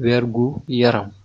wergu yaram